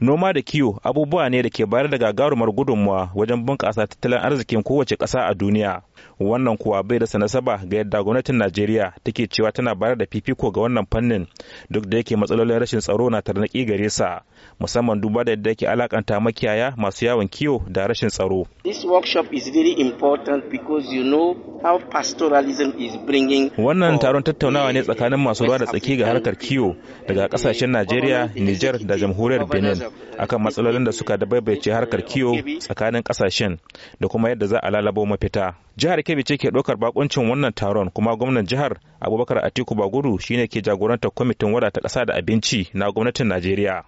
noma da kiwo abubuwa ne da ke bayar da gagarumar gudunmuwa wajen bunƙasa tattalin arzikin kowace ƙasa a duniya wannan kuwa bai da nasaba ga yadda gwamnatin najeriya take cewa tana bayar da fifiko ga wannan fannin duk da yake matsalolin rashin tsaro na tarnaƙi gare sa musamman duba da yadda yake alakanta makiyaya masu yawon kiwo da rashin tsaro this workshop is very important because you know how pastoralism is bringing wannan taron tattaunawa ne tsakanin masu ruwa da tsaki ga harkar kiwo daga kasashen Najeriya, Niger da jamhuriyar Benin akan matsalolin da suka dabaibaice harkar kiwo tsakanin kasashen da kuma yadda za a lalabo mafita jihar Kebbi ce ke ɗaukar bakuncin wannan taron kuma gwamnan jihar Abubakar Atiku Bagudu shine ke jagorantar kwamitin wadata ƙasa da abinci na gwamnatin Najeriya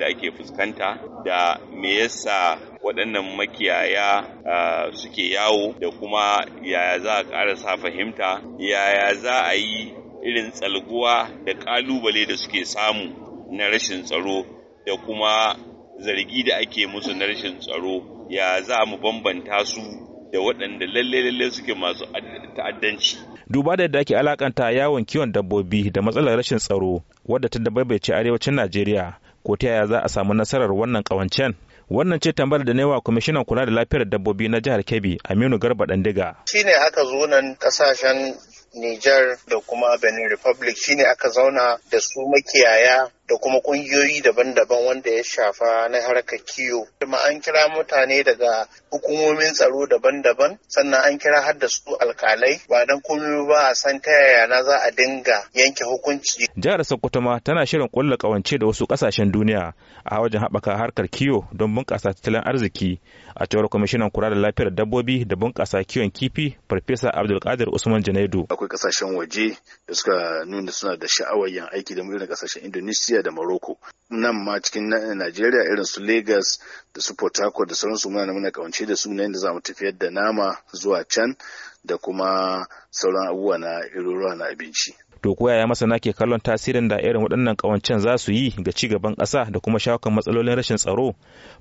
da ake fuskanta da me yasa waɗannan makiyaya suke yawo da kuma yaya za a ƙara sa fahimta yaya za a yi irin tsalguwa da ƙalubale da suke samu na rashin tsaro da kuma zargi da ake musu na rashin tsaro ya za mu bambanta su da waɗanda lalle-lalle suke masu ta'addanci. Duba da yadda ake alakanta yawon kiwon dabbobi da matsalar rashin tsaro wadda ta dabaibace arewacin Najeriya ko ta yaya za a samu nasarar wannan ƙawancen. wannan ce tambayar da na wa kwamishinan kula da lafiyar dabbobi na jihar kebbi aminu garba dandiga shine aka zo nan kasashen Nijar da kuma Benin Republic shine aka zauna da su makiyaya da kuma kungiyoyi daban-daban wanda ya shafa na harkar kiwo. Kuma an kira mutane daga hukumomin tsaro daban-daban sannan an kira har da su alkalai ba dan komai ba a san ta yaya na za a dinga yanke hukunci. Jihar Sokoto ma tana shirin kulla kawance da wasu kasashen duniya a wajen haɓaka harkar kiwo don bunƙasa tattalin arziki a cewar kwamishinan kula da lafiyar dabbobi da bunƙasa kiwon kifi Farfesa Abdulkadir Usman Janaidu. Akwai kasashen waje da suka nuna suna da sha'awar yin aiki da irin kasashen Indonesia Tunisia da Morocco. Nan ma cikin Najeriya irin su Lagos da su Port Harcourt da sauransu muna muna kawance da su na yadda za mu tafiyar da nama zuwa can da kuma sauran abubuwa na iruruwa na abinci. To ko yaya masana ke kallon tasirin da irin waɗannan kawancen za su yi ga ci gaban ƙasa da kuma shawakan matsalolin rashin tsaro?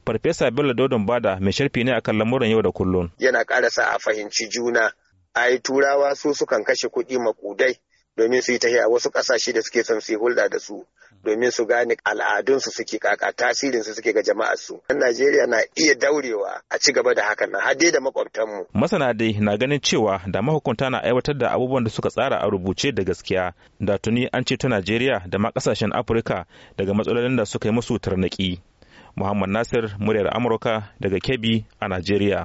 Farfesa Bello Dodon Bada mai sharfi ne akan lamuran yau da kullum. Yana ƙara sa a fahimci juna. Ai turawa su sukan kashe kuɗi maƙudai domin su yi ta tahiya wasu kasashe da suke son su yi hulɗa da su domin su gane al'adunsu suke kaka tasirinsu suke ga jama'a su. Najeriya na iya daurewa a ci gaba da hakan nan dai da makwabtanmu. Masana dai na ganin cewa da mahukunta na aiwatar da abubuwan da suka tsara a rubuce da gaskiya da tuni an ce ta Najeriya da ma kasashen Afirka daga matsalolin da suka yi musu tarnaƙi. Muhammad Nasir, muryar Amurka daga Kebbi a Najeriya.